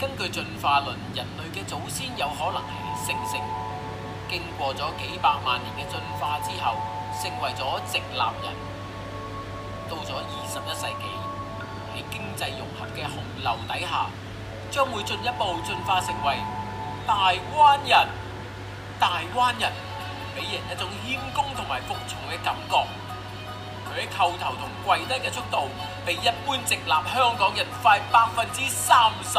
根據進化論，人類嘅祖先有可能係猩猩，經過咗幾百萬年嘅進化之後，成為咗直立人。到咗二十一世紀，喺經濟融合嘅洪流底下，將會進一步進化成為大灣人。大灣人俾人一種謙恭同埋服從嘅感覺。佢喺叩頭同跪低嘅速度，比一般直立香港人快百分之三十。